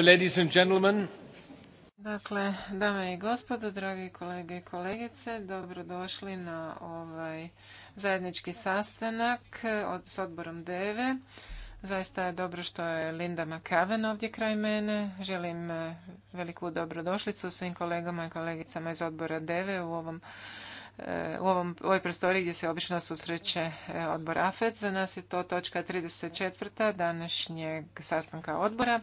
ladies and gentlemen. Dakle, dame i gospodo, dragi kolege i kolegice, dobrodošli na ovaj zajednički sastanak od, s odborom DEVE. Zaista je dobro što je Linda McCaven ovdje kraj mene. Želim eh, veliku dobrodošlicu svim kolegama i kolegicama iz odbora DEVE u ovom u ovom, ovoj prostoriji gdje se obično susreće e, odbor AFED. Za nas je to točka 34. današnjeg sastanka odbora.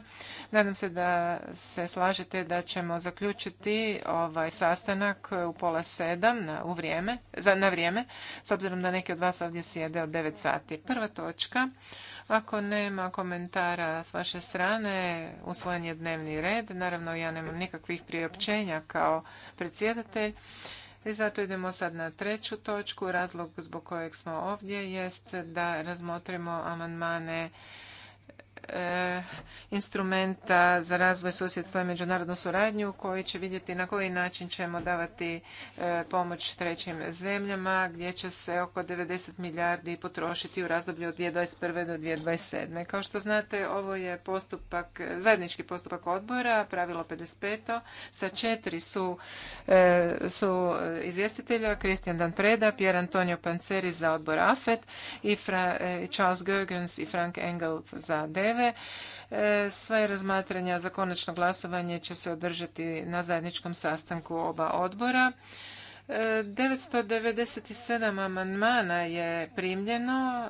Nadam se da se slažete da ćemo zaključiti ovaj sastanak u pola sedam na, u vrijeme, za, na vrijeme, s obzirom da neki od vas ovdje sjede od 9 sati. Prva točka, ako nema komentara s vaše strane, usvojen je dnevni red. Naravno, ja nemam nikakvih priopćenja kao predsjedatelj. I zato idemo sad na treću točku. Razlog zbog kojeg smo ovdje jest da razmotrimo amandmane E, instrumenta za razvoj susjedstva i međunarodnu suradnju koji će vidjeti na koji način ćemo davati e, pomoć trećim zemljama gdje će se oko 90 milijardi potrošiti u razdoblju od 2021. do 2027. Kao što znate, ovo je postupak, zajednički postupak odbora, pravilo 55. Sa četiri su, e, su izvjestitelja, Kristijan Dan Preda, Pier Antonio Panceri za odbor AFET i Charles Gergens i Frank Engel za DEV zahtjeve. E, razmatranja za konačno glasovanje će se održati na zajedničkom sastanku oba odbora. 997 e, amandmana je primljeno e,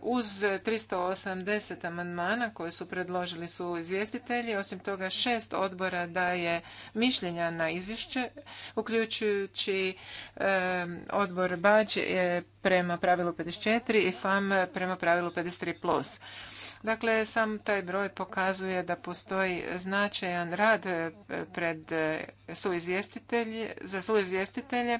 uz 380 amandmana koje su predložili su izvjestitelji. Osim toga šest odbora daje mišljenja na izvješće, uključujući odbor BAČ prema pravilu 54 i FAM prema pravilu 53+. Dakle, sam taj broj pokazuje da postoji značajan rad e, pred e, suizvjestitelje, za suizvjestitelje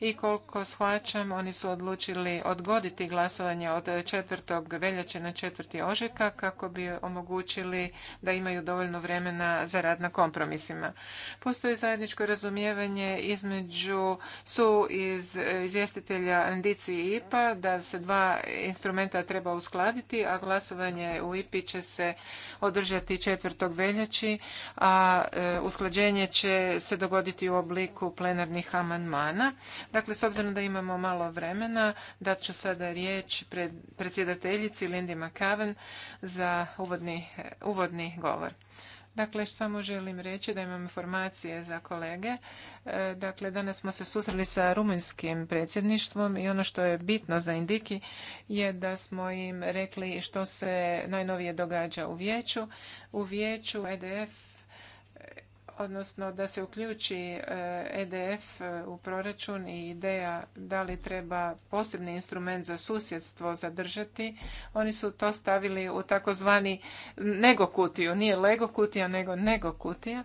i koliko shvaćam, oni su odlučili odgoditi glasovanje od 4. veljače na 4. ožujka kako bi omogućili da imaju dovoljno vremena za rad na kompromisima. Postoji zajedničko razumijevanje između su iz e, izvjestitelja Andici i IPA da se dva instrumenta treba uskladiti, a glasovanje u IPI će se održati 4. veljači, a e, usklađenje će se dogoditi u obliku plenarnih amandmana. Dakle, s obzirom da imamo malo vremena, dat ću sada riječ predsjedateljici Lindy McCaven za uvodni govor. Dakle, samo želim reći da imam informacije za kolege. E, dakle, danas smo se susreli sa rumunjskim predsjedništvom i ono što je bitno za Indiki je da smo im rekli što se najnovije događa u vijeću. U vijeću EDF odnosno da se uključi EDF e e, u proračun i ideja da li treba posebni instrument za susjedstvo zadržati, oni su to stavili u takozvani nego kutiju, nije lego kutija, nego nego kutija.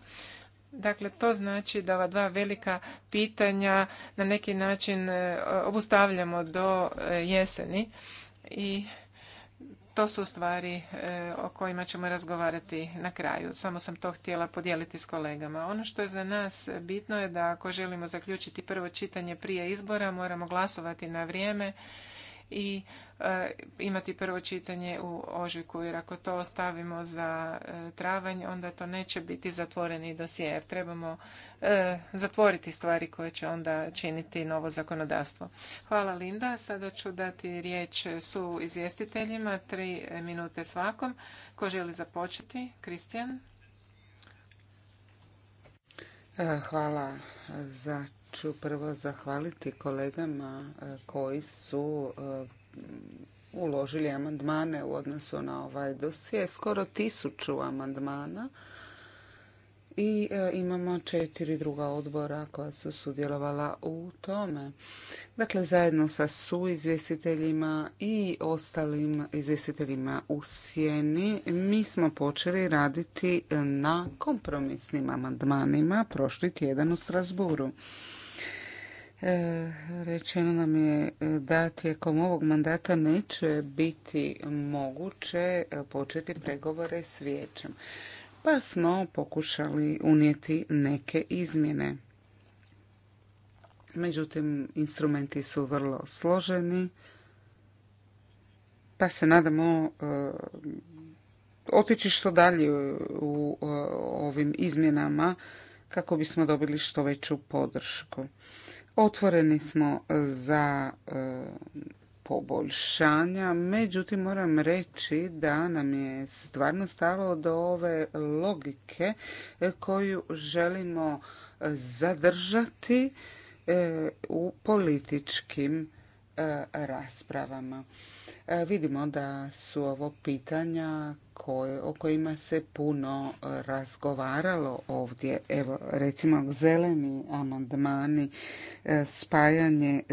Dakle, to znači da ova dva velika pitanja na neki način e, obustavljamo do jeseni i to su stvari e, o kojima ćemo razgovarati na kraju. Samo sam to htjela podijeliti s kolegama. Ono što je za nas bitno je da ako želimo zaključiti prvo čitanje prije izbora, moramo glasovati na vrijeme i e, imati prvo čitanje u ožujku jer ako to ostavimo za e, travanj onda to neće biti zatvoreni dosije jer trebamo e, zatvoriti stvari koje će onda činiti novo zakonodavstvo. Hvala Linda. Sada ću dati riječ su izvjestiteljima, tri minute svakom. Ko želi započeti? Kristijan. Hvala za ću prvo zahvaliti kolegama e, koji su e, uložili amandmane u odnosu na ovaj dosje. Skoro tisuću amandmana i e, imamo četiri druga odbora koja su sudjelovala u tome. Dakle, zajedno sa su izvjestiteljima i ostalim izvjestiteljima u sjeni mi smo počeli raditi na kompromisnim amandmanima prošli tjedan u Strasburu. E, rečeno nam je e, da tijekom ovog mandata neće biti moguće e, početi pregovore s vijećem. Pa smo pokušali unijeti neke izmjene. Međutim, instrumenti su vrlo složeni, pa se nadamo otići što dalje u ovim izmjenama kako bismo dobili što veću podršku. Otvoreni smo e, za e, poboljšanja, međutim moram reći da nam je stvarno stalo do ove logike e, koju želimo zadržati u političkim raspravama. E, vidimo da su ovo pitanja koje, o kojima se puno e, razgovaralo ovdje. Evo, recimo, zeleni amandmani, e, spajanje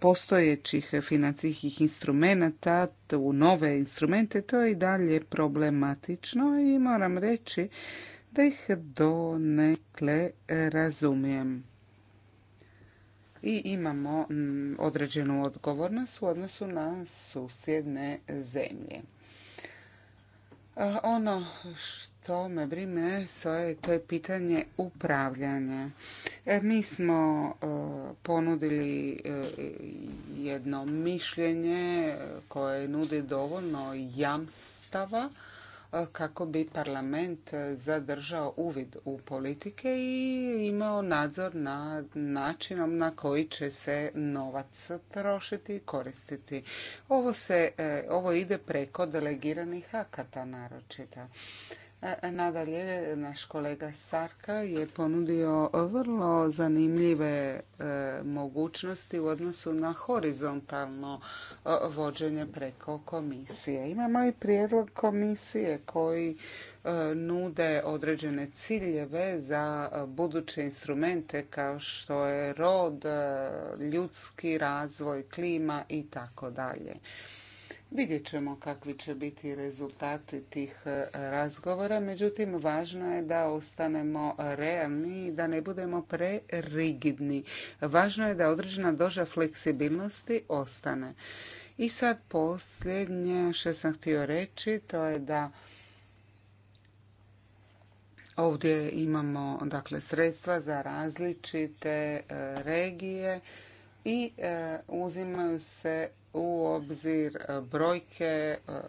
postojećih financijskih instrumenata u nove instrumente, to je i dalje problematično i moram reći da ih donekle razumijem i imamo mm, određenu odgovornost u odnosu na susjedne zemlje. Ono što me brine, to je pitanje upravljanja. E, mi smo e, ponudili e, jedno mišljenje koje nudi dovoljno jamstava kako bi parlament zadržao uvid u politike i imao nadzor nad načinom na koji će se novac trošiti i koristiti. Ovo, se, e, ovo ide preko delegiranih akata naročito. Nadalje, naš kolega Sarka je ponudio vrlo zanimljive e, mogućnosti u odnosu na horizontalno e, vođenje preko komisije. Imamo i prijedlog komisije koji e, nude određene ciljeve za buduće instrumente kao što je rod, ljudski razvoj, klima i tako dalje. Vidjet ćemo kakvi će biti rezultati tih e, razgovora, međutim važno je da ostanemo realni i da ne budemo prerigidni. Važno je da određena doža fleksibilnosti ostane. I sad posljednje što sam htio reći, to je da ovdje imamo dakle, sredstva za različite e, regije i e, uzimaju se u obzir e, brojke e,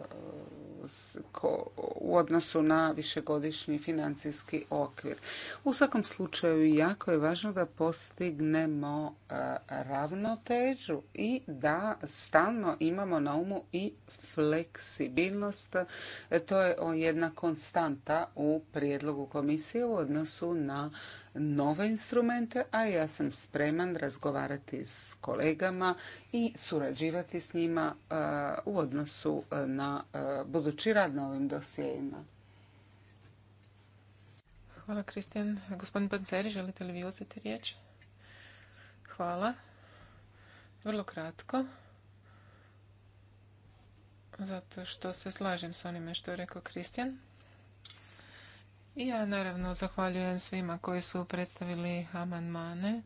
u odnosu na višegodišnji financijski okvir. U svakom slučaju jako je važno da postignemo e, ravnotežu i da stalno imamo na umu i fleksibilnost. To je jedna konstanta u prijedlogu komisije u odnosu na nove instrumente, a ja sam spreman razgovarati s kolegama i surađivati s njima e, u odnosu e, na e, budući rad na ovim dosijejima. Hvala, Kristijan. Gospodin Panceri, želite li vi uzeti riječ? Hvala. Vrlo kratko. Zato što se slažem s onime što je rekao Kristijan. Ja naravno zahvaljujem svima koji su predstavili amandmane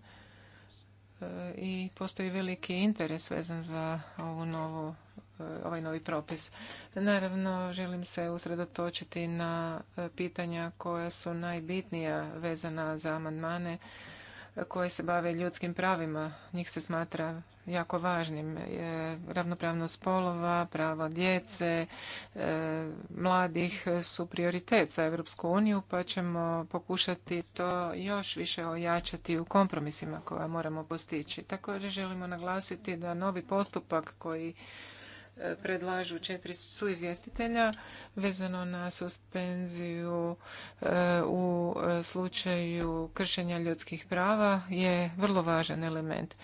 e, i postoji veliki interes vezan za ovu novu, e, ovaj novi propis. Naravno, želim se usredotočiti na e, pitanja koja su najbitnija vezana za amandmane koje se bave ljudskim pravima. Njih se smatra jako važnim. E, ravnopravnost spolova, prava djece, e, mladih su prioritet za Europsku uniju, pa ćemo pokušati to još više ojačati u kompromisima koja moramo postići. Također želimo naglasiti da novi postupak koji predlažu četiri izvjestitelja vezano na suspenziju e, u e, slučaju kršenja ljudskih prava je vrlo važan element.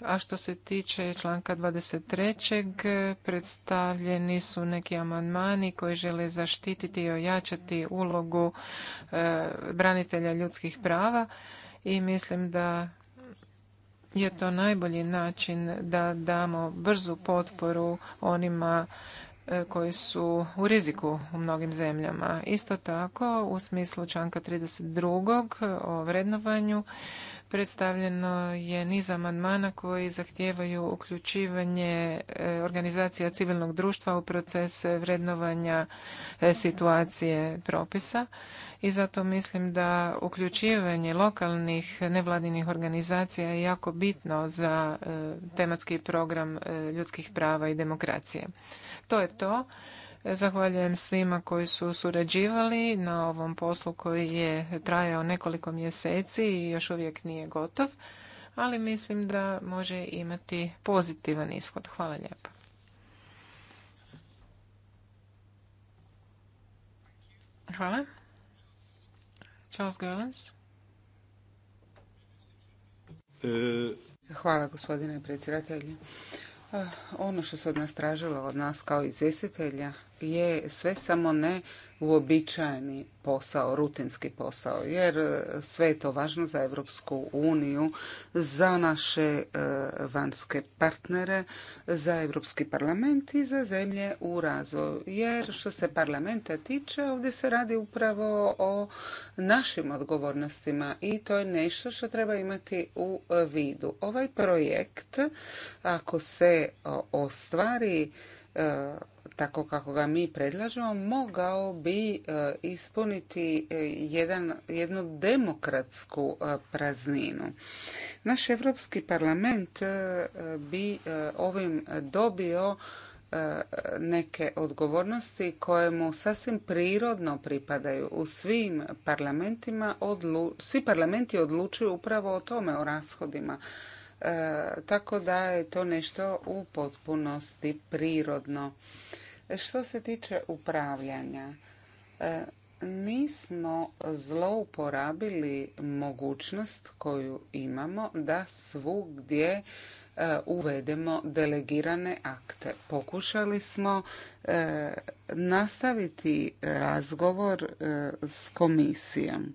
A što se tiče članka 23. predstavljeni su neki amandmani koji žele zaštititi i ojačati ulogu e, branitelja ljudskih prava i mislim da je to najbolji način da damo brzu potporu onima e, koji su u riziku u mnogim zemljama. Isto tako, u smislu članka 32. o vrednovanju, Predstavljeno je niz amandmana koji zahtijevaju uključivanje e, organizacija civilnog društva u proces vrednovanja e, situacije propisa i zato mislim da uključivanje lokalnih nevladinih organizacija je jako bitno za e, tematski program ljudskih prava i demokracije. To je to. Zahvaljujem svima koji su surađivali na ovom poslu koji je trajao nekoliko mjeseci i još uvijek nije gotov, ali mislim da može imati pozitivan ishod. Hvala lijepa. Hvala. Charles Gerlens. E, hvala gospodine predsjedatelju. Ono što se od nas tražilo od nas kao izvjestitelja je sve samo ne uobičajeni posao, rutinski posao, jer e, sve je to važno za Europsku uniju, za naše e, vanjske partnere, za Europski parlament i za zemlje u razvoju. Jer što se parlamenta tiče, ovdje se radi upravo o našim odgovornostima i to je nešto što treba imati u vidu. Ovaj projekt, ako se ostvari e, tako kako ga mi predlažemo, mogao bi e, ispuniti e, jednu demokratsku e, prazninu. Naš Europski parlament bi ovim dobio neke odgovornosti koje mu sasvim prirodno pripadaju u svim parlamentima. svi parlamenti odlučuju upravo o tome, o rashodima. tako da je to nešto u potpunosti prirodno. Što se tiče upravljanja, e, nismo zlouporabili mogućnost koju imamo da svugdje e, uvedemo delegirane akte. Pokušali smo e, nastaviti razgovor s komisijom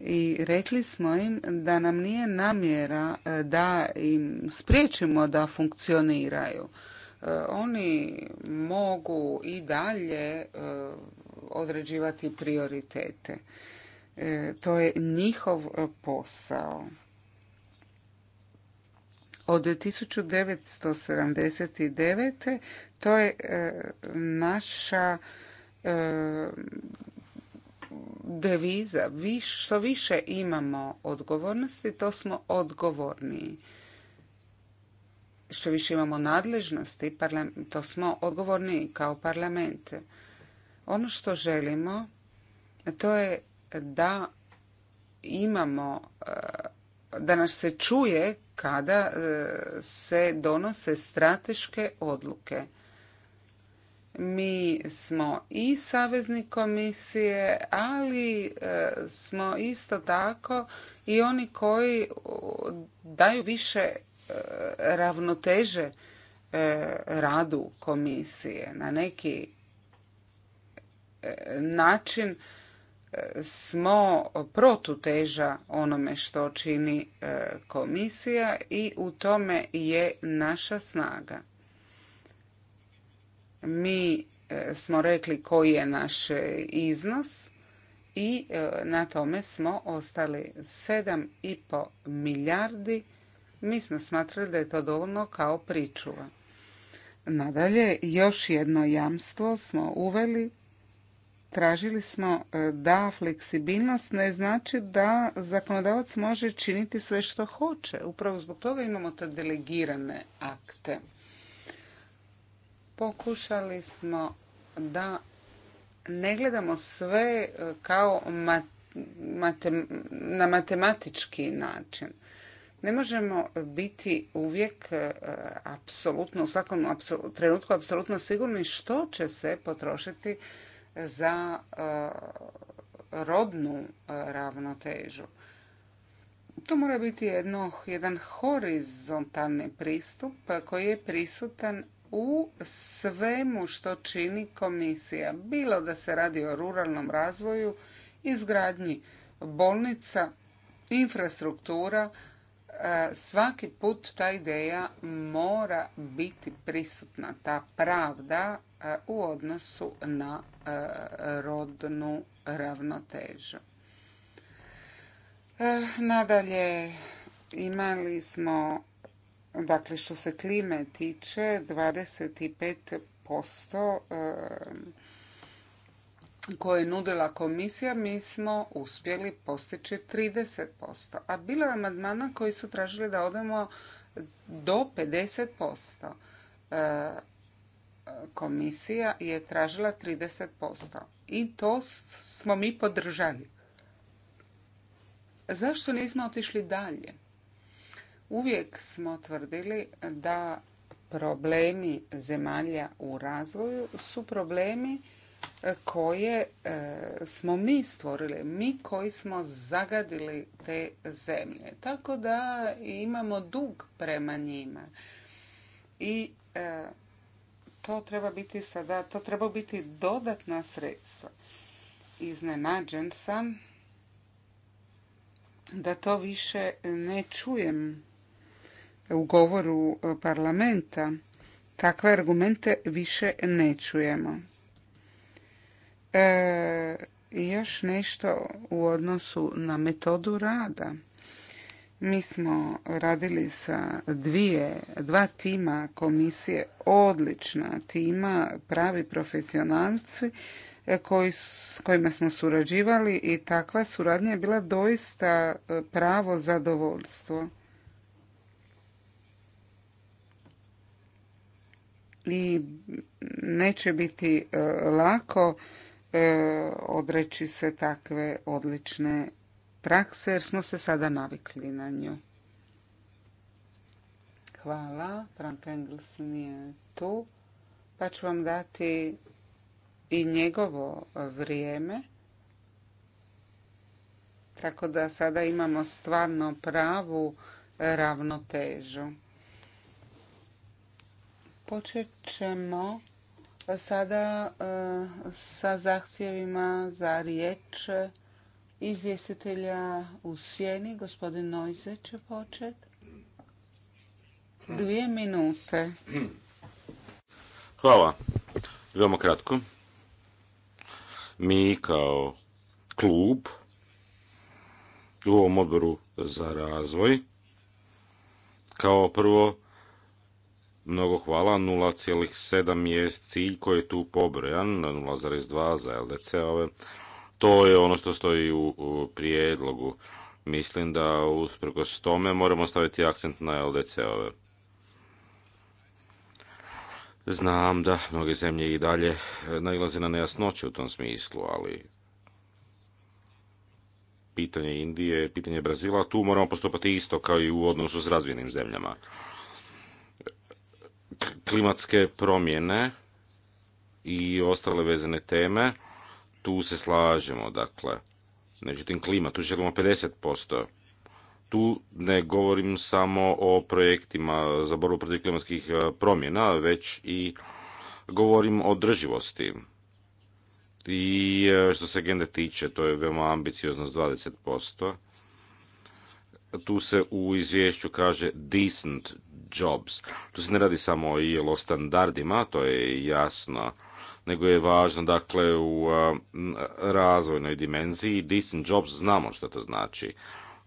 i rekli smo im da nam nije namjera da im spriječimo da funkcioniraju E, oni mogu i dalje e, određivati prioritete. E, to je njihov posao. Od 1979. to je naša deviza. Što više imamo odgovornosti, to smo odgovorniji što više imamo nadležnosti, to smo odgovorni kao parlament. Ono što želimo to je da imamo, eh, da nas se čuje kada eh, se donose strateške odluke. Mi smo i savezni komisije, ali eh, smo isto tako i oni koji daju više ravnoteže e, radu komisije. Na neki e, način e, smo protuteža onome što čini komisija i u tome je naša snaga. Mi smo rekli koji je naš iznos i na tome smo ostali 7,5 milijardi mi smo smatrali da je to dovoljno kao pričuva. Nadalje, još jedno jamstvo smo uveli. Tražili smo e, da fleksibilnost ne znači da zakonodavac može činiti sve što hoće. Upravo zbog toga imamo te delegirane akte. Pokušali smo da ne gledamo sve e, kao na matematički način. Ne možemo biti uvijek e, apsolutno, u svakom trenutku apsolutno sigurni što će se potrošiti za e, rodnu e, ravnotežu. To mora biti jedno, jedan horizontalni pristup koji je prisutan u svemu što čini komisija. Bilo da se radi o ruralnom razvoju, izgradnji bolnica, infrastruktura, svaki put ta ideja mora biti prisutna, ta pravda e, u odnosu na e, rodnu ravnotežu. E, nadalje, imali smo, dakle što se klime tiče, 25% koje je nudila komisija, mi smo uspjeli postići 30%, a bilo je amandmana koji su tražili da odemo do 50%. E, komisija je tražila 30% i to smo mi podržali. Zašto nismo otišli dalje? Uvijek smo tvrdili da problemi zemalja u razvoju su problemi koje e, smo mi stvorili, mi koji smo zagadili te zemlje. Tako da imamo dug prema njima. I e, to treba biti sada, to treba biti dodatna sredstva. Iznenađen sam da to više ne čujem u govoru e, parlamenta. Takve argumente više ne čujemo. E, još nešto u odnosu na metodu rada. Mi smo radili sa dvije, dva tima komisije, odlična tima, pravi profesionalci e, koji, s kojima smo surađivali i takva suradnja je bila doista e, pravo zadovoljstvo. I neće biti e, lako E, odreći se takve odlične prakse jer smo se sada navikli na nju. Hvala. Frank Engels nije tu. Pa ću vam dati i njegovo vrijeme. Tako da sada imamo stvarno pravu ravnotežu. Počet ćemo Sada e, sa zahtjevima za riječ izvjestitelja u sjeni, gospodin Nojze će početi. Dvije minute. Hvala. Veoma kratko. Mi kao klub u ovom odboru za razvoj kao prvo Mnogo hvala, 0,7 je cilj koji je tu pobrojan, 0,2 za LDC-ove. To je ono što stoji u prijedlogu. Mislim da usprkos tome moramo staviti akcent na LDC-ove. Znam da mnoge zemlje i dalje e, nailaze na nejasnoće u tom smislu, ali pitanje Indije, pitanje Brazila, tu moramo postupati isto kao i u odnosu s razvijenim zemljama klimatske promjene i ostale vezane teme, tu se slažemo, dakle. Međutim, klima, tu želimo 50%. Tu ne govorim samo o projektima za borbu protiv klimatskih e, promjena, već i govorim o drživosti. I e, što se agende tiče, to je veoma ambicioznost 20%. Tu se u izvješću kaže decent Jobs. Tu se ne radi samo i o standardima, to je jasno, nego je važno dakle u razvojnoj dimenziji. Decent Jobs znamo što to znači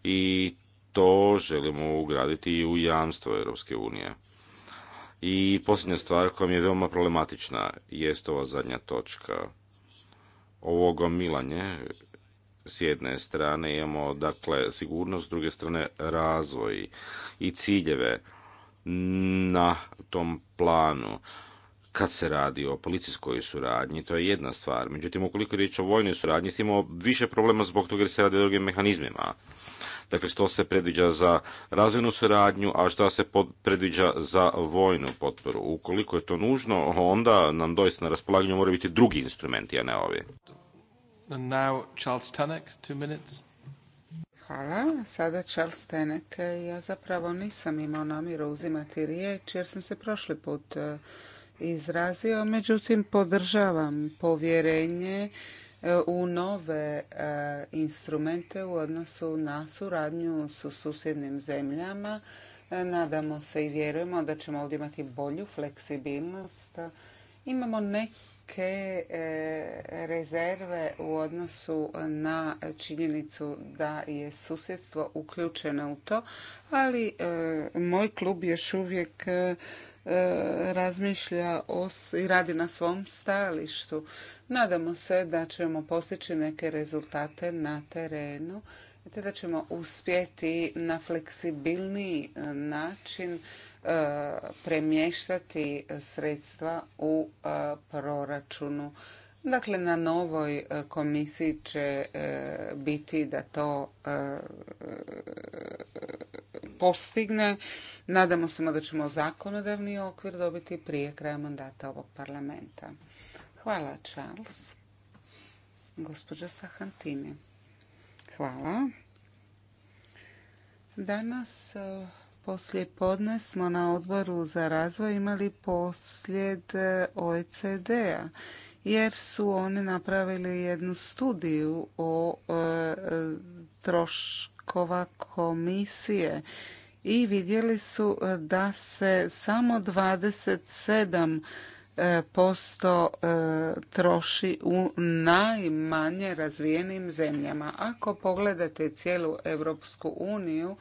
i to želimo ugraditi i u jamstvo Europske unije. I posljednja stvar koja mi je veoma problematična jest ova zadnja točka. Ovo gomilanje s jedne strane imamo dakle sigurnost, s druge strane razvoj i ciljeve na tom planu kad se radi o policijskoj suradnji, to je jedna stvar. Međutim, ukoliko je riječ o vojnoj suradnji, s imamo više problema zbog toga jer se radi o drugim mehanizmima. Dakle, što se predviđa za razvojnu suradnju, a što se predviđa za vojnu potporu. Ukoliko je to nužno, onda nam doista na raspolaganju moraju biti drugi instrumenti, a ne ovi. now Charles Tanek, two minutes. Hvala. Sada Charles Teneke Ja zapravo nisam imao namjeru uzimati riječ jer sam se prošli put e, izrazio. Međutim, podržavam povjerenje e, u nove e, instrumente u odnosu na suradnju su susjednim zemljama. Nadamo se i vjerujemo da ćemo ovdje imati bolju fleksibilnost. Imamo neke velike e, rezerve u odnosu na činjenicu da je susjedstvo uključeno u to, ali e, moj klub još uvijek e, razmišlja i radi na svom stajalištu. Nadamo se da ćemo postići neke rezultate na terenu te da ćemo uspjeti na fleksibilniji način E, premještati sredstva u e, proračunu. Dakle, na novoj e, komisiji će biti da to postigne. Nadamo se da ćemo zakonodavni okvir dobiti prije kraja mandata ovog parlamenta. Hvala, Charles. Gospođa Sahantini. Hvala. Danas poslije podne smo na odboru za razvoj imali posljed e, OECD-a jer su oni napravili jednu studiju o e, troškova komisije i vidjeli su e, da se samo 27 posto troši u najmanje razvijenim zemljama. Ako pogledate cijelu Europsku uniju,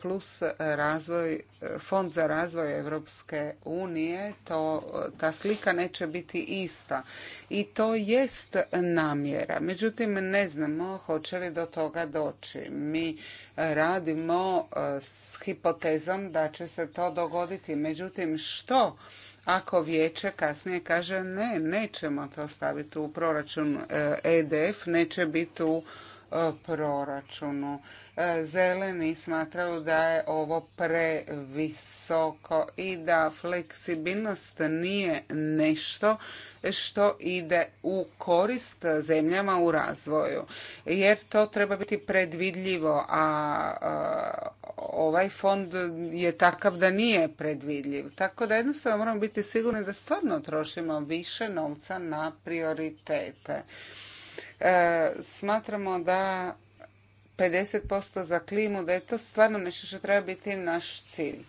plus razvoj, fond za razvoj Europske unije, to, ta slika neće biti ista. I to jest namjera. Međutim, ne znamo hoće li do toga doći. Mi radimo e, s hipotezom da će se to dogoditi. Međutim, što ako vijeće kasnije kaže ne, nećemo to staviti u proračun EDF, e neće biti u E, proračunu. E, zeleni smatraju da je ovo previsoko i da fleksibilnost nije nešto što ide u korist zemljama u razvoju. Jer to treba biti predvidljivo, a e, ovaj fond je takav da nije predvidljiv. Tako da jednostavno moramo biti sigurni da stvarno trošimo više novca na prioritete. E, smatramo da 50% za klimu, da je to stvarno nešto što treba biti naš cilj.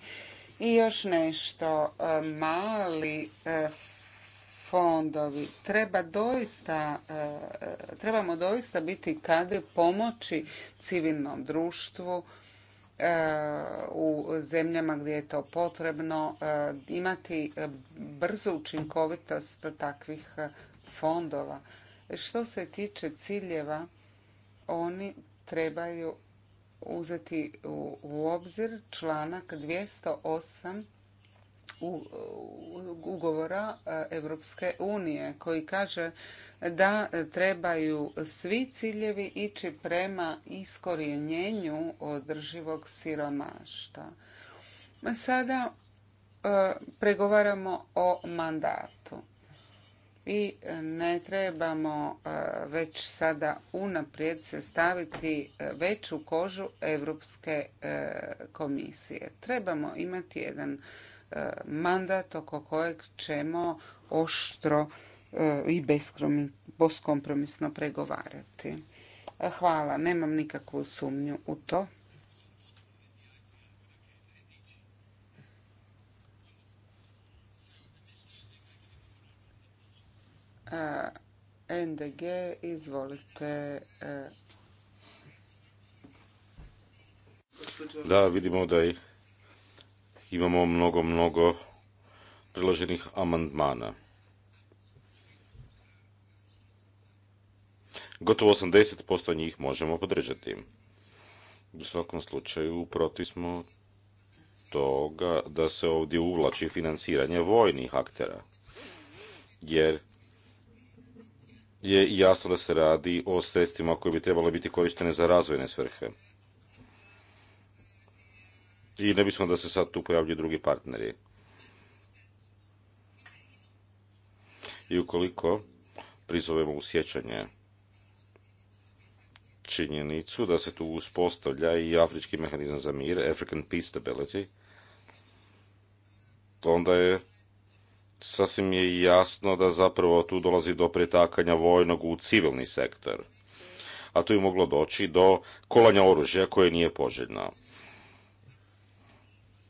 I još nešto, e, mali e, fondovi. Treba doista, trebamo doista biti kadri pomoći civilnom društvu u zemljama gdje je to potrebno, imati brzu učinkovitost takvih fondova. Što se tiče ciljeva, oni trebaju uzeti u obzir članak 208 ugovora Europske unije koji kaže da trebaju svi ciljevi ići prema iskorjenjenju održivog siromašta. Sada e, pregovaramo o mandatu i e, ne trebamo e, već sada unaprijed se staviti e, veću kožu Europske komisije. Trebamo imati jedan mandat oko kojeg ćemo oštro i beskompromisno pregovarati. Hvala, nemam nikakvu sumnju u to. E, NDG, izvolite. E. Da, vidimo da imamo mnogo, mnogo priloženih amandmana. Gotovo 80% njih možemo podržati. U svakom slučaju protiv smo toga da se ovdje uvlači financiranje vojnih aktera. Jer je jasno da se radi o sredstvima koje bi trebalo biti korištene za razvojne svrhe. I ne bismo da se sad tu pojavljuju drugi partneri. I ukoliko prizovemo usjećanje činjenicu da se tu uspostavlja i afrički mehanizam za mir, African Peace Stability, onda je sasvim je jasno da zapravo tu dolazi do pretakanja vojnog u civilni sektor. A tu je moglo doći do kolanja oružja koje nije poželjno.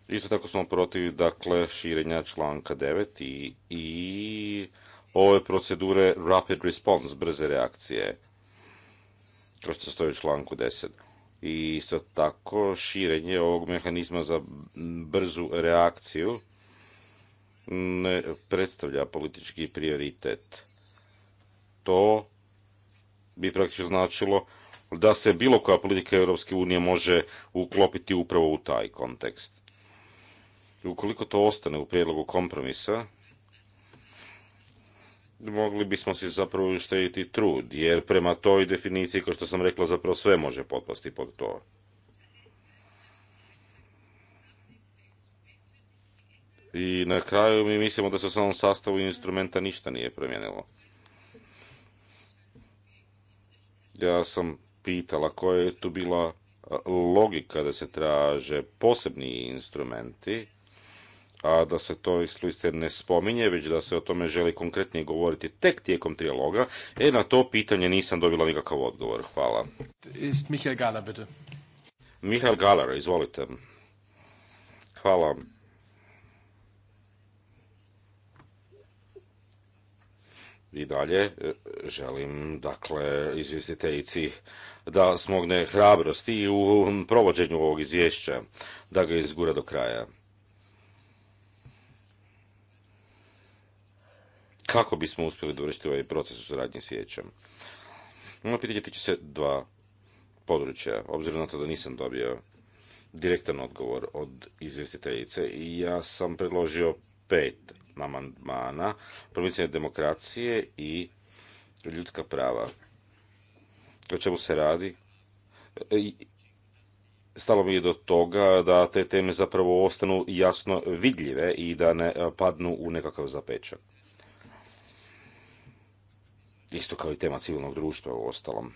Isto tako smo protiv dakle širenja članka 9 i, i ove procedure rapid response, brze reakcije, kao što stoji u članku 10. I isto tako širenje ovog mehanizma za brzu reakciju ne predstavlja politički prioritet. To bi praktično značilo da se bilo koja politika Europske unije može uklopiti upravo u taj kontekst. Ukoliko to ostane u prijedlogu kompromisa, mogli bismo se zapravo uštediti trud, jer prema toj definiciji, kao što sam rekla, zapravo sve može potpasti pod to. I na kraju mi mislimo da se u samom sastavu instrumenta ništa nije promijenilo. Ja sam pitala koja je tu bila logika da se traže posebni instrumenti, a da se to eksplicite ne spominje, već da se o tome želi konkretnije govoriti tek tijekom trijaloga, e na to pitanje nisam dobila nikakav odgovor. Hvala. Ist Michael izvolite. Hvala. i dalje e, želim dakle izvjestiteljici da smogne hrabrosti u provođenju ovog izvješća da ga izgura do kraja. Kako bismo uspjeli dovršiti ovaj proces u suradnji s vijećem? Moje pitanje tiče se dva područja, obzirom na to da nisam dobio direktan odgovor od izvjestiteljice i ja sam predložio pet amandmana, promicanje demokracije i ljudska prava. O čemu se radi? E, stalo mi je do toga da te teme zapravo ostanu jasno vidljive i da ne e, padnu u nekakav zapečak. Isto kao i tema civilnog društva u ostalom.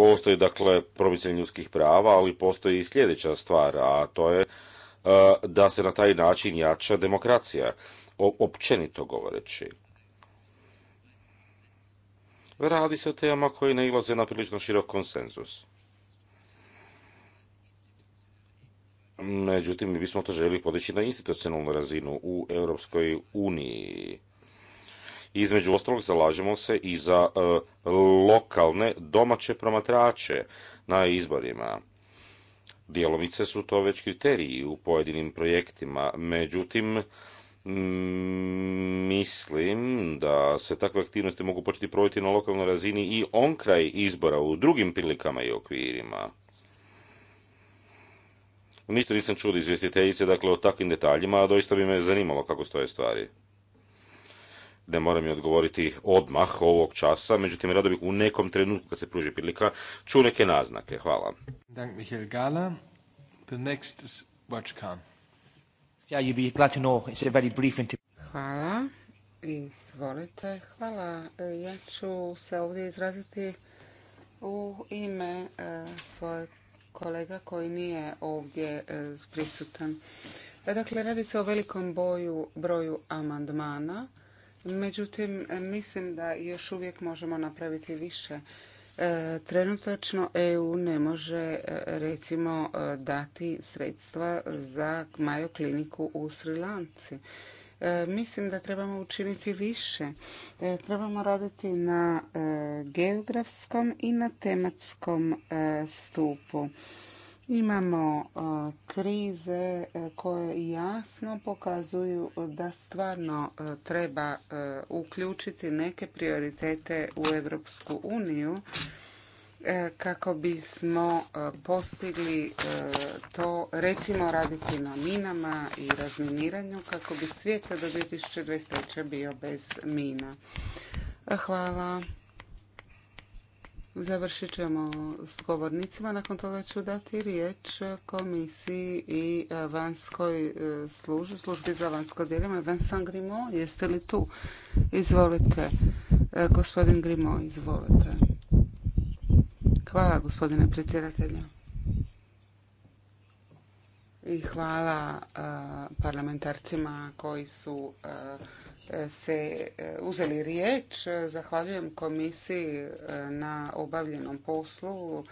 Postoji dakle promicanje ljudskih prava, ali postoji i sljedeća stvar, a to je e, da se na taj način jača demokracija, općenito govoreći. Radi se o temama koje ne ilaze na prilično širok konsenzus. Međutim, mi bismo to želi podići na institucionalnu razinu u Europskoj uniji. Između ostalog zalažemo se i za e, lokalne domaće promatrače na izborima. Djelomice su to već kriteriji u pojedinim projektima, međutim, mm, mislim da se takve aktivnosti mogu početi provoditi na lokalnoj razini i on kraj izbora u drugim prilikama i okvirima. Ništa nisam čuo izvjestiteljice, dakle, o takvim detaljima, a doista bi me zanimalo kako stoje stvari ne moram odgovoriti odmah ovog časa, međutim rado bih u nekom trenutku kad se pruži prilika ču neke naznake. Hvala. Dank Gala. The next is Hvala. Izvolite. Hvala. E, ja ću se ovdje izraziti u ime e, svojeg kolega koji nije ovdje e, prisutan. Dakle, radi se o velikom boju, broju amandmana Međutim, mislim da još uvijek možemo napraviti više. E, trenutačno EU ne može e, recimo e, dati sredstva za Mayo kliniku u Sri Lanci. Mislim da trebamo učiniti više. Trebamo raditi na geografskom i na tematskom stupu. Imamo e, krize e, koje jasno pokazuju da stvarno e, treba uključiti neke prioritete u Europsku uniju kako bismo postigli to recimo raditi na minama i razminiranju kako bi svijet do 2023. bio bez mina. Hvala. Završit ćemo s govornicima, nakon toga ću dati riječ komisiji i e, vanjskoj e, službi, službi za vanjsko djelima. Vincent Grimo, jeste li tu? Izvolite, e, gospodin Grimo, izvolite. Hvala, gospodine predsjedatelju. I hvala parlamentarcima koji su se e, uzeli riječ. Zahvaljujem komisiji e, na obavljenom poslu. E,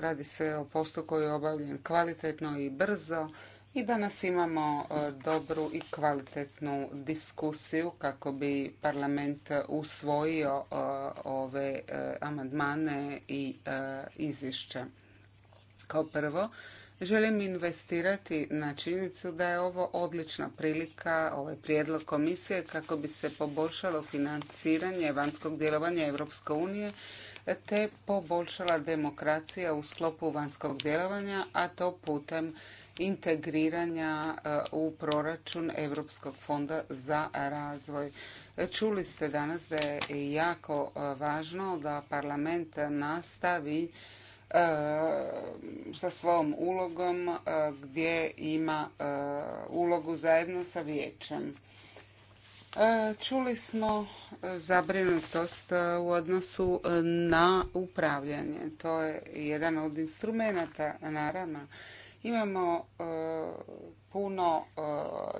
radi se o poslu koji je obavljen kvalitetno i brzo i danas imamo dobru i kvalitetnu diskusiju kako bi parlament usvojio ove amandmane i izvješća. Kao prvo, Želim investirati na činjenicu da je ovo odlična prilika, ovaj prijedlog komisije kako bi se poboljšalo financiranje vanjskog djelovanja Europske unije te poboljšala demokracija u sklopu vanjskog djelovanja, a to putem integriranja e, u proračun Europskog fonda za razvoj. Čuli ste danas da je jako e, važno da parlament nastavi E, sa svojom ulogom e, gdje ima e, ulogu zajedno sa vijećem. Čuli smo zabrinutost u odnosu na upravljanje. To je jedan od instrumenata, naravno. Imamo puno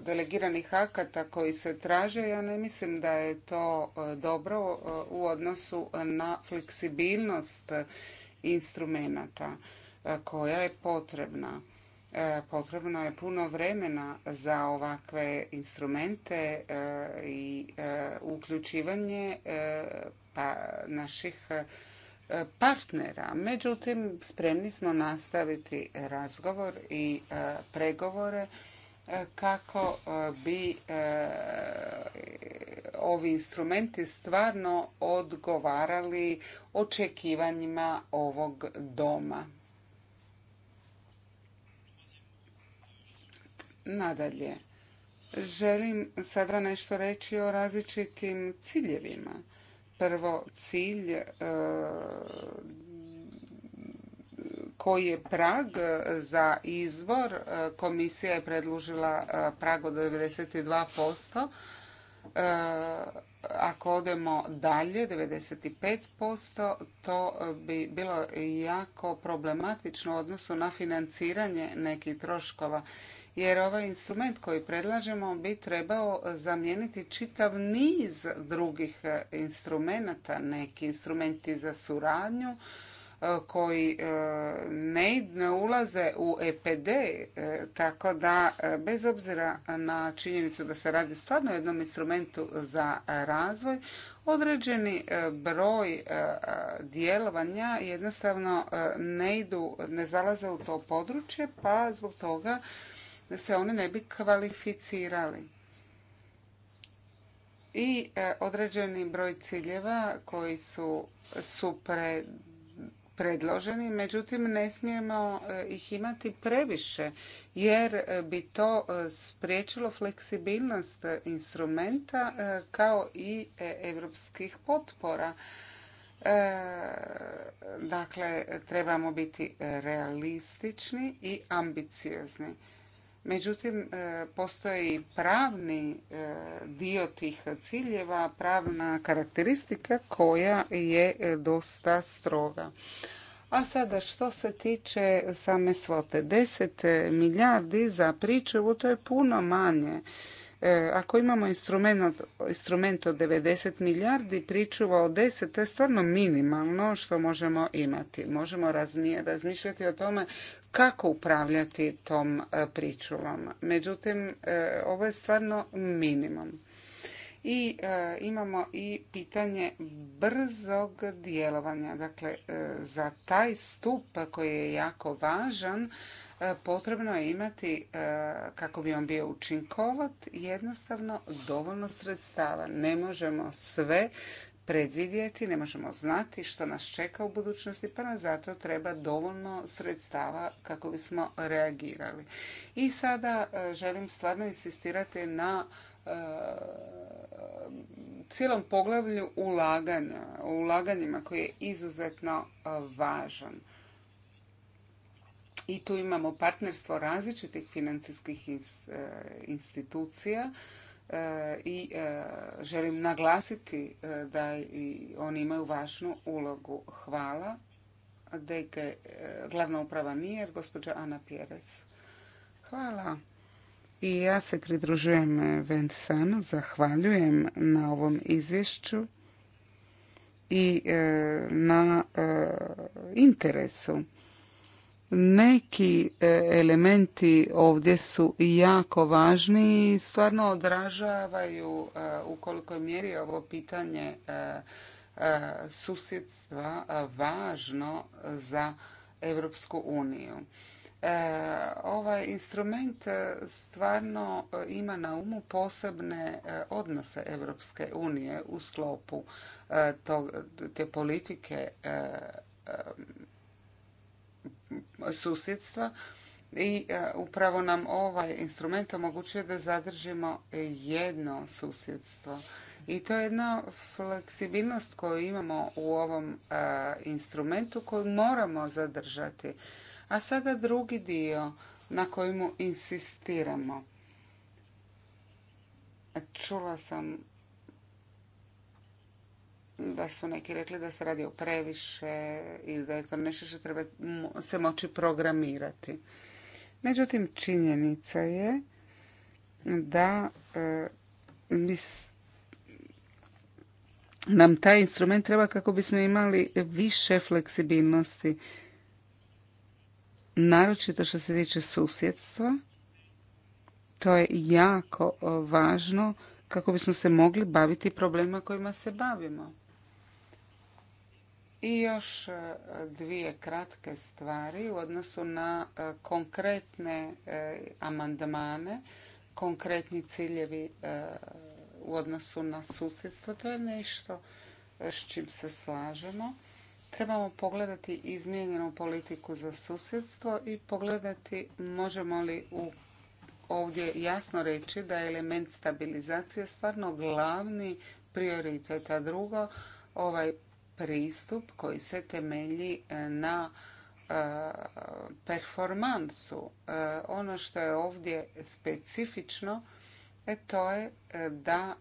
delegiranih akata koji se traže. Ja ne mislim da je to dobro u odnosu na fleksibilnost instrumenata e, koja je potrebna. E, potrebno je puno vremena za ovakve instrumente e, i uključivanje pa, naših partnera. Međutim, spremni smo nastaviti razgovor i pregovore kako e, bi e, ovi instrumenti stvarno odgovarali očekivanjima ovog doma. Nadalje, želim sada nešto reći o različitim ciljevima. Prvo, cilj e, koji je prag za izbor e, Komisija je predložila e, prag od 92%. E, ako odemo dalje, 95%, to bi bilo jako problematično u odnosu na financiranje nekih troškova. Jer ovaj instrument koji predlažemo bi trebao zamijeniti čitav niz drugih instrumenta, neki instrumenti za suradnju, E, koji e, ne, ulaze u EPD, e, tako da bez obzira na činjenicu da se radi stvarno o jednom instrumentu za razvoj, određeni broj djelovanja jednostavno ne idu, ne zalaze u to područje, pa zbog toga se oni ne bi kvalificirali i određeni broj ciljeva koji su, su pred predloženi, međutim ne smijemo e, ih imati previše jer e, bi to e, spriječilo fleksibilnost instrumenta kao i europskih potpora. Dakle, trebamo biti realistični i ambiciozni. Međutim, e, postoji pravni e, dio tih ciljeva, pravna karakteristika koja je e, dosta stroga. A sada što se tiče same svote, 10 milijardi za pričuvu, to je puno manje. Ako imamo instrument, instrument od 90 milijardi, pričuva od 10, to je stvarno minimalno što možemo imati. Možemo razmišljati o tome kako upravljati tom e, pričuvom. Međutim, e, ovo je stvarno minimum. I e, imamo i pitanje brzog djelovanja. Dakle, za taj stup koji je jako važan, potrebno je imati, kako bi on bio učinkovat, jednostavno dovoljno sredstava. Ne možemo sve predvidjeti, ne možemo znati što nas čeka u budućnosti, pa nam zato treba dovoljno sredstava kako bismo reagirali. I sada e, želim stvarno insistirati na e, cijelom poglavlju ulaganja, ulaganjima koji je izuzetno e, važan. I tu imamo partnerstvo različitih financijskih institucija E, i e, želim naglasiti e, da i oni imaju važnu ulogu. Hvala. Dejke, glavna uprava nije, gospođa Ana Pjerez. Hvala. I ja se pridružujem Vensanu, zahvaljujem na ovom izvješću i na interesu neki e, elementi ovdje su jako važni i stvarno odražavaju e, u kolikoj mjeri je ovo pitanje e, susjedstva važno za Europsku uniju. Ovaj instrument stvarno ima na umu posebne odnose Europske unije u sklopu te politike susjedstva i e, upravo nam ovaj instrument omogućuje da zadržimo jedno susjedstvo. I to je jedna fleksibilnost koju imamo u ovom e, instrumentu koju moramo zadržati. A sada drugi dio na kojemu insistiramo. Čula sam da su neki rekli da se radi o previše i da je to nešto što treba se moći programirati. Međutim, činjenica je da e, mis nam taj instrument treba kako bismo imali više fleksibilnosti, naročito što se tiče susjedstva. To je jako e, važno kako bismo se mogli baviti problema kojima se bavimo. I još e, dvije kratke stvari u odnosu na e, konkretne e, amandmane, konkretni ciljevi u odnosu na susjedstvo. To je nešto s čim se slažemo. Trebamo pogledati izmijenjenu politiku za susjedstvo i pogledati možemo li u ovdje jasno reći da je element stabilizacije stvarno glavni prioritet. A drugo, ovaj pristup koji se temelji e, na e, performansu. E, ono što je ovdje specifično to je da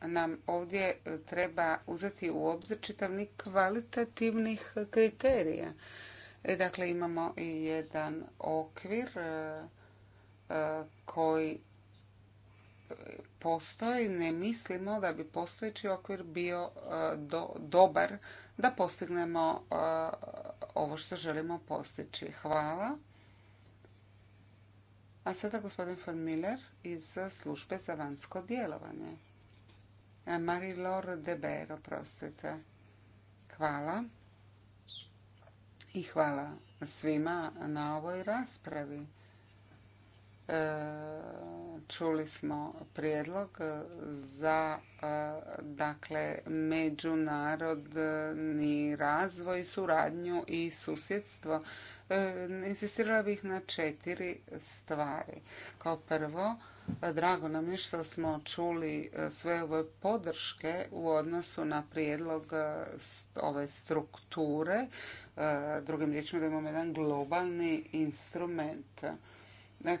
nam ovdje treba uzeti u obzir čitavni kvalitativnih kriterija. Dakle, imamo i jedan okvir koji postoji, ne mislimo da bi postojeći okvir bio e, dobar da postignemo e, ovo što želimo postići. Hvala. A sada gospodin von Miller iz službe za vanjsko djelovanje. E, Marie-Laure Bero, prostite. Hvala. I hvala svima na ovoj raspravi čuli smo prijedlog za e, dakle međunarodni razvoj, suradnju i susjedstvo. E, insistirala bih na četiri stvari. Kao prvo, drago nam je što smo čuli e, sve ove podrške u odnosu na prijedlog ove strukture. Drugim riječima da imamo jedan globalni instrument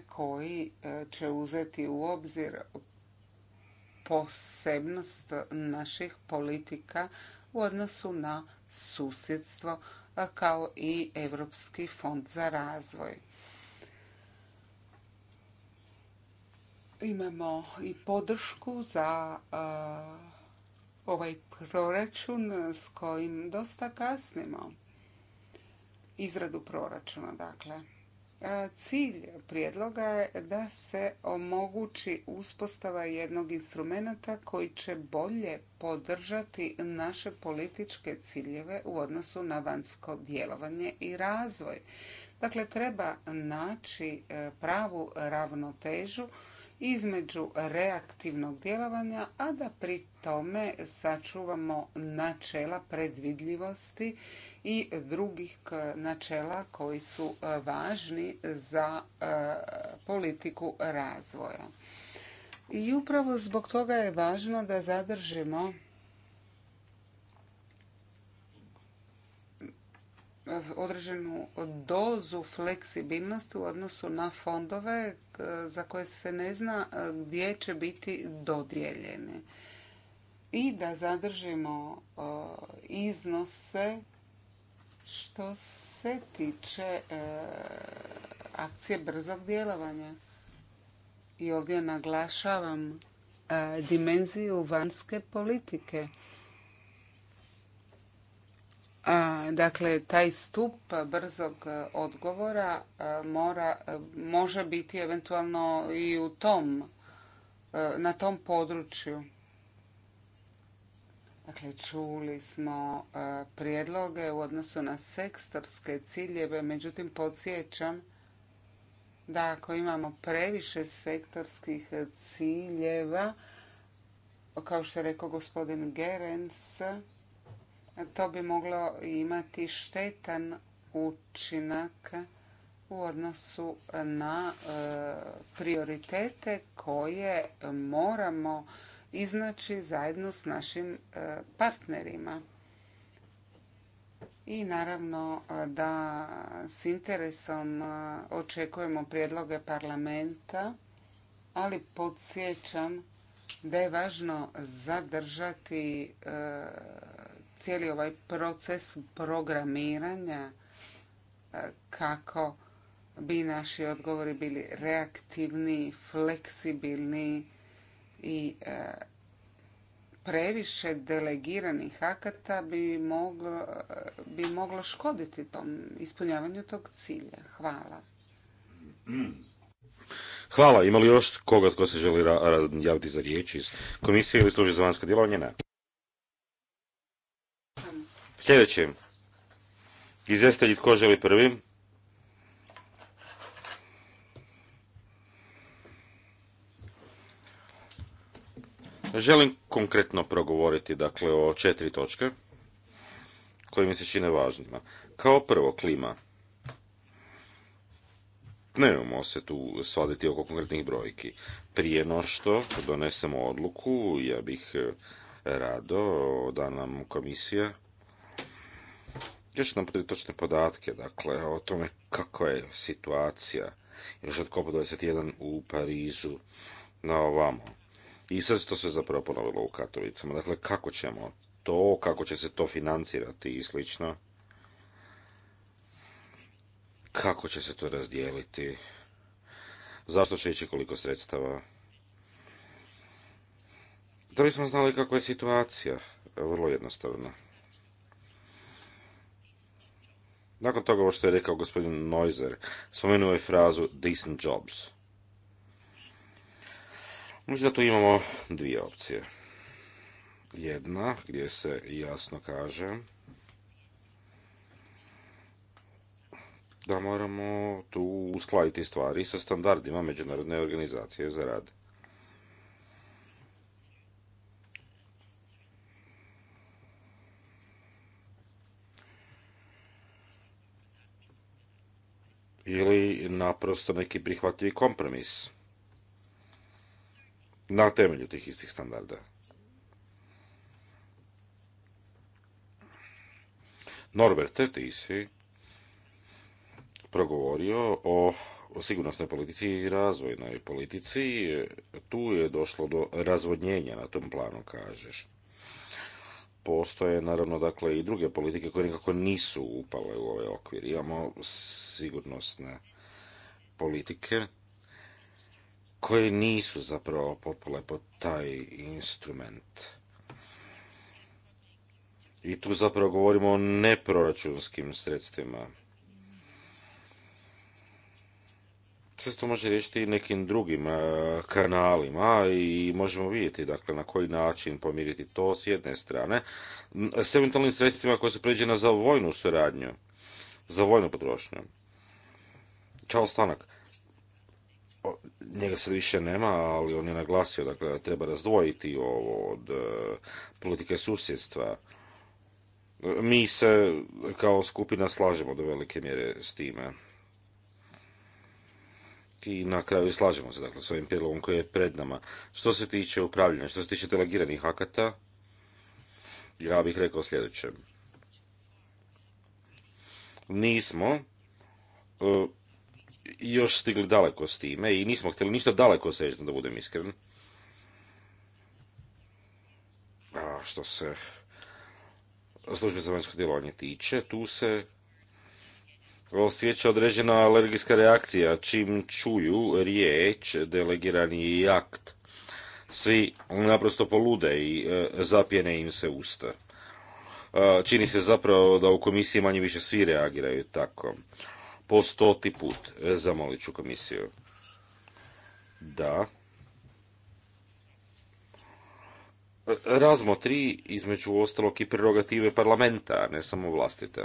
koji e, će uzeti u obzir posebnost naših politika u odnosu na susjedstvo kao i Europski fond za razvoj. Imamo i podršku za e, ovaj proračun s kojim dosta kasnimo. Izradu proračuna, dakle. E, cilj prijedloga je da se omogući uspostava jednog instrumenta koji će bolje podržati naše političke ciljeve u odnosu na vanjsko djelovanje i razvoj. Dakle, treba naći e, pravu ravnotežu između reaktivnog djelovanja, a da pri tome sačuvamo načela predvidljivosti i drugih načela koji su e, važni za e, politiku razvoja. I upravo zbog toga je važno da zadržimo određenu dozu fleksibilnosti u odnosu na fondove e, za koje se ne zna e, gdje će biti dodijeljeni. I da zadržimo e, iznose što se tiče akcije brzog djelovanja. I ovdje naglašavam dimenziju vanjske politike Dakle, taj stup brzog e, odgovora e, mora, e, može biti eventualno i u tom, na tom području. Dakle, čuli smo prijedloge u odnosu na sektorske ciljeve, međutim, podsjećam da ako imamo previše sektorskih ciljeva, kao što je rekao gospodin Gerens, to bi moglo imati štetan učinak u odnosu na e, prioritete koje moramo iznaći zajedno s našim e, partnerima. I naravno e, da s interesom očekujemo prijedloge parlamenta, ali podsjećam da je važno zadržati cijeli ovaj proces programiranja e, kako bi naši odgovori bili reaktivni, fleksibilni i e, previše delegiranih akata bi moglo, bi moglo škoditi tom ispunjavanju tog cilja. Hvala. Hvala. Ima li još koga tko se želi javiti za riječ iz komisije ili služi za vanjsko djelovanje? Ne. Sljedeće. izvjestitelji tko želi prvi? Želim konkretno progovoriti dakle, o četiri točke koje mi se čine važnima. Kao prvo, klima. nemojmo se tu svaditi oko konkretnih brojki. Prije no što donesemo odluku, ja bih eh, rado da nam komisija gdje nam podati točne podatke, dakle, o tome kako je situacija još od COP21 u Parizu na ovamo. I sad se to sve zapravo ponovilo u Katovicama. Dakle, kako ćemo to, kako će se to financirati i slično. Kako će se to razdijeliti? Zašto će ići koliko sredstava? Da bismo znali kako je situacija, vrlo jednostavno. Nakon toga ovo što je rekao gospodin Neuser, spomenuo je frazu decent jobs. Mislim da tu imamo dvije opcije. Jedna gdje se jasno kaže da moramo tu uskladiti stvari sa standardima Međunarodne organizacije za rad. ili naprosto neki prihvatljivi kompromis na temelju tih istih standarda. Norbert, ti si progovorio o sigurnosnoj politici i razvojnoj politici. Tu je došlo do razvodnjenja na tom planu, kažeš postoje naravno dakle i druge politike koje nikako nisu upale u ovaj okvir. Imamo sigurnosne politike koje nisu zapravo potpale pod taj instrument. I tu zapravo govorimo o neproračunskim sredstvima sve se to može riješiti i nekim drugim e, kanalima i možemo vidjeti dakle, na koji način pomiriti to s jedne strane s eventualnim sredstvima koja su pređena za vojnu suradnju, za vojnu potrošnju. Čao stanak. Njega sad više nema, ali on je naglasio dakle, da treba razdvojiti ovo od e, politike susjedstva. E, mi se kao skupina slažemo do velike mjere s time i na kraju slažemo se dakle, s ovim prijedlogom koji je pred nama. Što se tiče upravljanja, što se tiče delegiranih akata, ja bih rekao sljedeće. Nismo e, još stigli daleko s time i nismo htjeli ništa daleko sežno, da budem iskren. A što se službe za vanjsko djelovanje tiče, tu se osjeća određena alergijska reakcija čim čuju riječ delegirani akt. Svi naprosto polude i e, zapjene im se usta. E, čini se zapravo da u komisiji manje više svi reagiraju tako. Po stoti put e, zamolit ću komisiju. Da. Razmotri između ostalog i prerogative parlamenta, ne samo vlastite.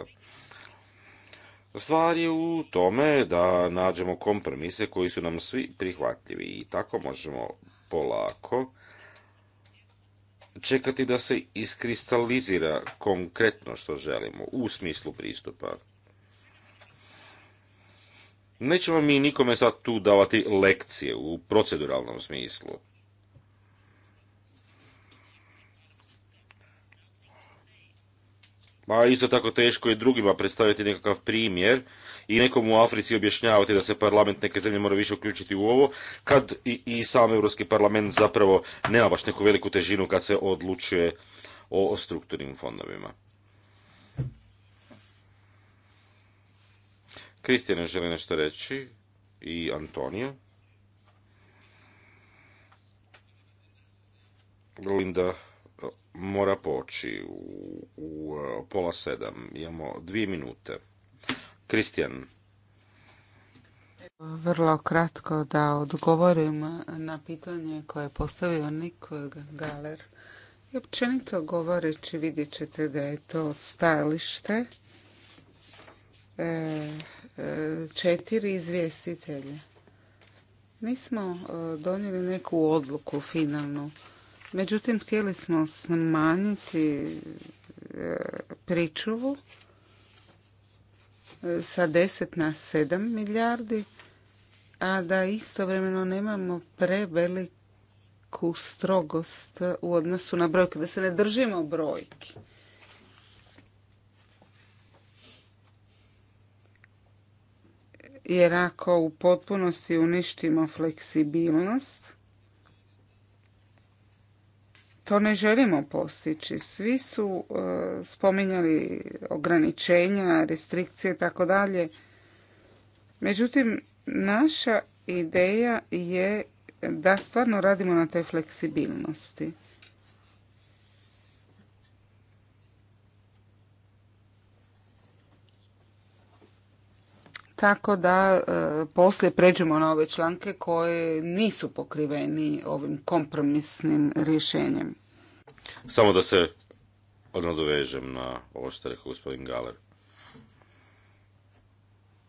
Stvar je u tome da nađemo kompromise koji su nam svi prihvatljivi i tako možemo polako čekati da se iskristalizira konkretno što želimo u smislu pristupa. Nećemo mi nikome sad tu davati lekcije u proceduralnom smislu. Ma isto tako teško je drugima predstaviti nekakav primjer i nekom u Africi objašnjavati da se parlament neke zemlje mora više uključiti u ovo, kad i, i sam Europski parlament zapravo nema baš neku veliku težinu kad se odlučuje o, strukturnim fondovima. Kristijan želi nešto reći i Antonija. Linda mora poći u, e, pola sedam. Imamo dvije minute. Kristijan. Vrlo kratko da odgovorim na pitanje koje je postavio Nik Galer. I općenito govoreći vidjet ćete da je to stajalište e, e, četiri izvjestitelje. Mi smo donijeli neku odluku finalnu Međutim, htjeli smo smanjiti e, pričuvu e, sa 10 na 7 milijardi, a da istovremeno nemamo preveliku strogost u odnosu na brojke, da se ne držimo brojki. Jer ako u potpunosti uništimo fleksibilnost, to ne želimo postići. Svi su e, spominjali ograničenja, restrikcije i tako dalje. Međutim, naša ideja je da stvarno radimo na toj fleksibilnosti. tako da e, poslije pređemo na ove članke koje nisu pokriveni ovim kompromisnim rješenjem. Samo da se nadovežem na ovo što je rekao gospodin Galer.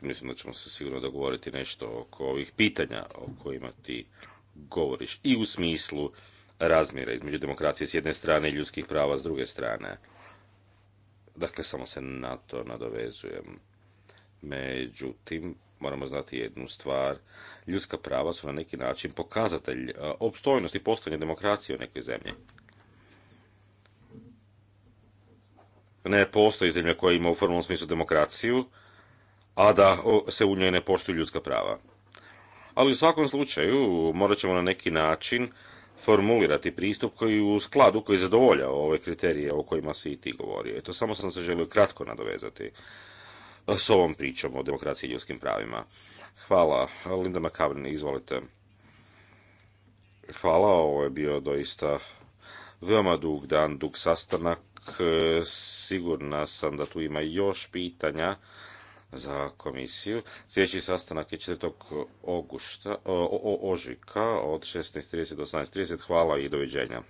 Mislim da ćemo se sigurno dogovoriti nešto oko ovih pitanja o kojima ti govoriš i u smislu razmjera između demokracije s jedne strane i ljudskih prava s druge strane. Dakle, samo se na to nadovezujem. Međutim, moramo znati jednu stvar. Ljudska prava su na neki način pokazatelj e, opstojnosti postojanja demokracije u nekoj zemlji. Ne postoji zemlja koja ima u formalnom smislu demokraciju, a da se u njoj ne poštuju ljudska prava. Ali u svakom slučaju morat ćemo na neki način formulirati pristup koji u skladu koji zadovolja ove kriterije o kojima si i ti govorio. I to samo sam se želio kratko nadovezati s ovom pričom o demokraciji i ljudskim pravima. Hvala. Linda McCavan, izvolite. Hvala, ovo je bio doista veoma dug dan, dug sastanak. E, sigurna sam da tu ima još pitanja za komisiju. Sljedeći sastanak je 4. o, ožika od 16.30 do 18.30. Hvala i doviđenja.